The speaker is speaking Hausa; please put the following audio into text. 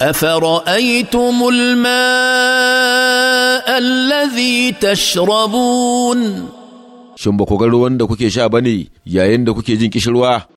افرايتم الماء الذي تشربون shin ba ku ga ruwan da kuke sha bane yayin da kuke jin kishirwa